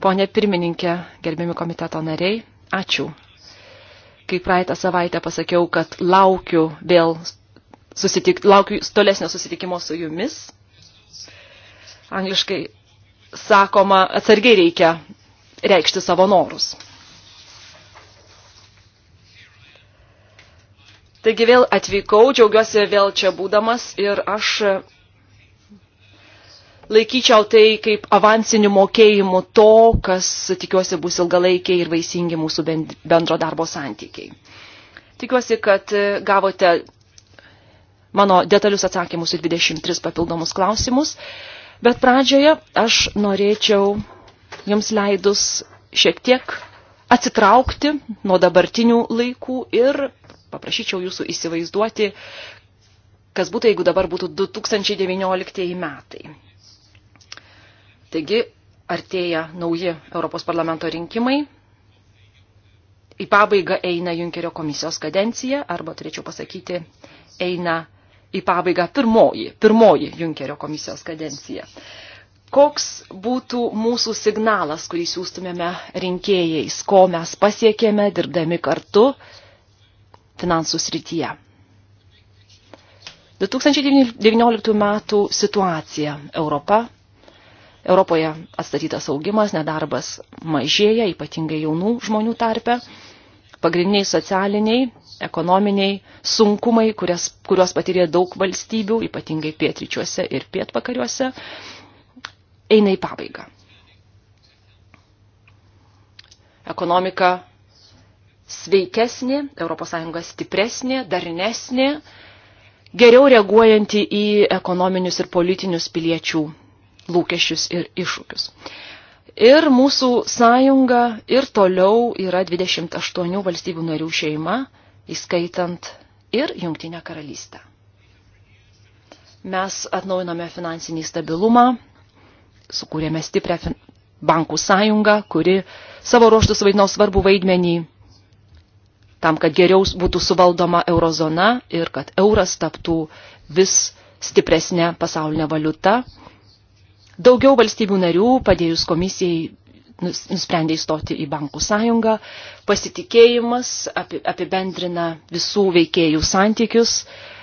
Pone pirmininkė, gerbiami komiteto nariai, ačiū. Kai praeitą savaitę pasakiau, kad laukiu vėl susitik, laukiu tolesnio susitikimo su jumis, angliškai sakoma, atsargiai reikia reikšti savo norus. Taigi vėl atvykau, džiaugiuosi vėl čia būdamas ir aš laikyčiau tai kaip avansiniu mokėjimu to, kas tikiuosi bus ilgalaikiai ir vaisingi mūsų bendro darbo santykiai. Tikiuosi, kad e, gavote mano detalius atsakymus į 23 papildomus klausimus, bet pradžioje aš norėčiau jums leidus šiek tiek atsitraukti nuo dabartinių laikų ir paprašyčiau jūsų įsivaizduoti, kas būtų, jeigu dabar būtų 2019 metai. Taigi artėja nauji Europos parlamento rinkimai. Į pabaigą eina Junkerio komisijos kadencija, arba turėčiau pasakyti, eina į pabaigą pirmoji, pirmoji Junkerio komisijos kadencija. Koks būtų mūsų signalas, kurį siūstumėme rinkėjais, ko mes pasiekėme dirbdami kartu finansų srityje? 2019 metų situacija Europa Europoje atstatytas augimas, nedarbas mažėja, ypatingai jaunų žmonių tarpe. Pagrindiniai socialiniai, ekonominiai sunkumai, kurias, kuriuos patyrė daug valstybių, ypatingai pietryčiuose ir pietvakariuose, eina į pabaigą. Ekonomika sveikesnė, ES stipresnė, darnesnė, geriau reaguojanti į ekonominius ir politinius piliečių lūkesčius ir iššūkius. Ir mūsų sąjunga ir toliau yra 28 valstybių narių šeima, įskaitant ir Jungtinę karalystę. Mes atnaujiname finansinį stabilumą, sukūrėme stiprią bankų sąjungą, kuri savo ruoštų suvaidino svarbų vaidmenį tam, kad geriau būtų suvaldoma eurozona ir kad euras taptų vis stipresnė pasaulinė valiuta. Daugiau valstybių narių, padėjus komisijai, nusprendė įstoti į bankų sąjungą. Pasitikėjimas apibendrina visų veikėjų santykius,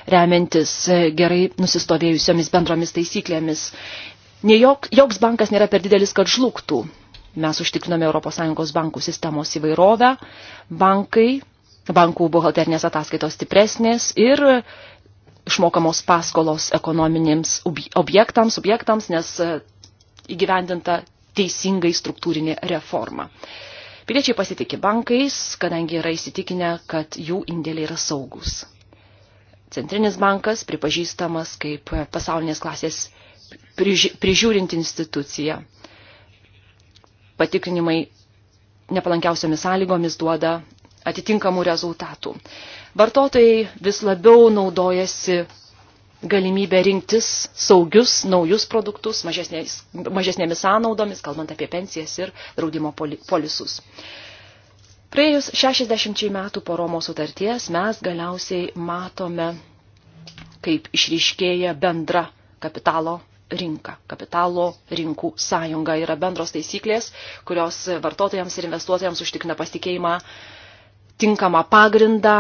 remiantis gerai nusistovėjusiomis bendromis taisyklėmis. Ne jok, joks bankas nėra per didelis, kad žlugtų. Mes užtikrinome ES bankų sistemos įvairovę, bankai, bankų buhalternės ataskaitos stipresnės ir išmokamos paskolos ekonominėms objektams, objektams, nes e, įgyvendinta teisingai struktūrinė reforma. Piliečiai pasitikė bankais, kadangi yra įsitikinę, kad jų indėliai yra saugus. Centrinis bankas pripažįstamas kaip pasaulinės klasės prižiūrinti instituciją. Patikrinimai nepalankiausiomis sąlygomis duoda atitinkamų rezultatų. Vartotojai vis labiau naudojasi galimybę rinktis saugius naujus produktus mažesnės, mažesnėmis sąnaudomis, kalbant apie pensijas ir draudimo polisus. Praėjus 60 metų po Romos sutarties mes galiausiai matome, kaip išryškėja bendra kapitalo rinka. Kapitalo rinkų sąjunga yra bendros taisyklės, kurios vartotojams ir investuotojams užtikrina pasitikėjimą uh, tinkamą pagrindą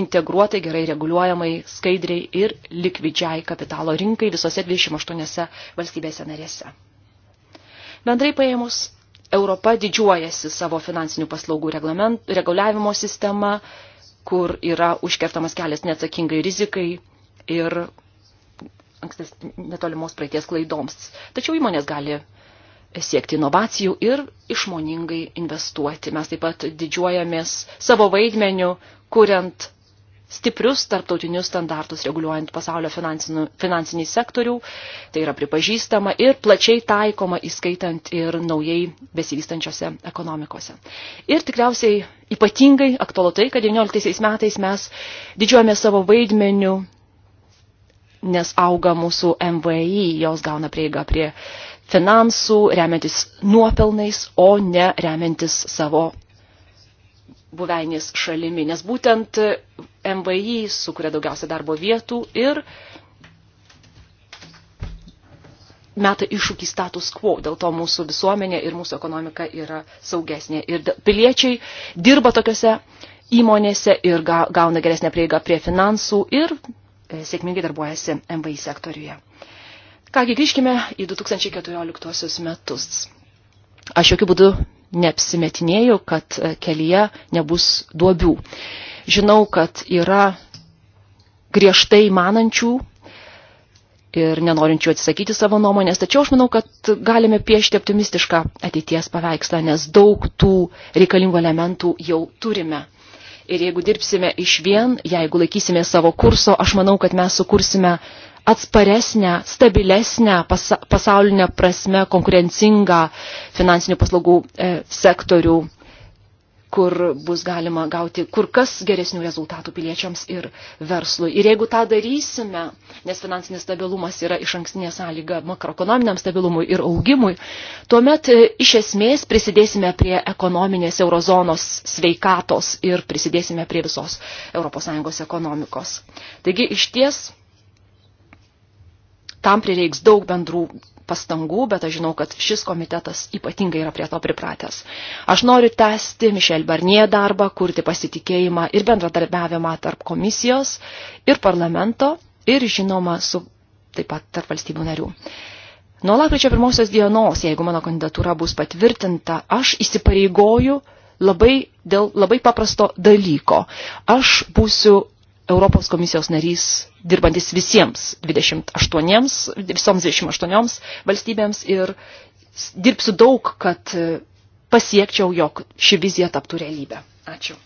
integruotai, gerai reguliuojamai, skaidriai ir likvidžiai kapitalo rinkai visose 28 valstybėse narėse. Bendrai paėmus, Europa didžiuojasi savo finansinių paslaugų reguliavimo sistema, kur yra užkertamas kelias neatsakingai rizikai ir ankstės netolimos praeities klaidoms. Tačiau įmonės gali siekti inovacijų ir išmoningai investuoti. Mes taip pat didžiuojamės savo vaidmeniu, kuriant stiprius tarptautinius standartus reguliuojant pasaulio finansinį sektorių. Tai yra pripažįstama ir plačiai taikoma, įskaitant ir naujai besivystančiose ekonomikose. Ir tikriausiai ypatingai aktualu tai, kad 19 metais mes didžiuojame savo vaidmeniu nes auga mūsų MVI, jos gauna prieigą prie finansų, remiantis nuopelnais, o ne remiantis savo buveinės šalimi, nes būtent MVI sukuria daugiausia darbo vietų ir meta iššūkį status quo, dėl to mūsų visuomenė ir mūsų ekonomika yra saugesnė. Ir piliečiai dirba tokiuose įmonėse ir gauna geresnę prieigą prie finansų ir E, sėkmingai darbuojasi MVI sektoriuje. Kągi grįžkime į 2014 metus. Aš jokių būdų neapsimetinėjau, kad e, kelyje nebus duobių. Žinau, kad yra griežtai manančių ir nenorinčių atsisakyti savo nuomonės, tačiau aš manau, kad galime piešti optimistišką ateities paveikslą, nes daug tų reikalingų elementų jau turime. Ir jeigu dirbsime iš vien, jeigu laikysime savo kurso, aš manau, kad mes sukursime atsparesnę, stabilesnę, pasa pasaulinę prasme konkurencingą finansinių paslaugų e, sektorių kur bus galima gauti kur kas geresnių rezultatų piliečiams ir verslui. Ir jeigu tą darysime, nes finansinis stabilumas yra iš ankstinė sąlyga makroekonominiam stabilumui ir augimui, tuomet e, iš esmės prisidėsime prie ekonominės eurozonos sveikatos ir prisidėsime prie visos ES ekonomikos. Taigi iš ties tam prireiks daug bendrų pastangų, bet aš žinau, kad šis komitetas ypatingai yra prie to pripratęs. Aš noriu tęsti Mišel Barnie darbą, kurti pasitikėjimą ir bendradarbiavimą tarp komisijos ir parlamento ir žinoma su taip pat tarp valstybių narių. Nuo lapkričio pirmosios dienos, jeigu mano kandidatūra bus patvirtinta, aš įsipareigoju labai dėl labai paprasto dalyko. Aš būsiu Europos komisijos narys, dirbantis visiems 28, visoms 28 valstybėms ir dirbsiu daug, kad pasiekčiau, jog ši vizija taptų realybę. Ačiū.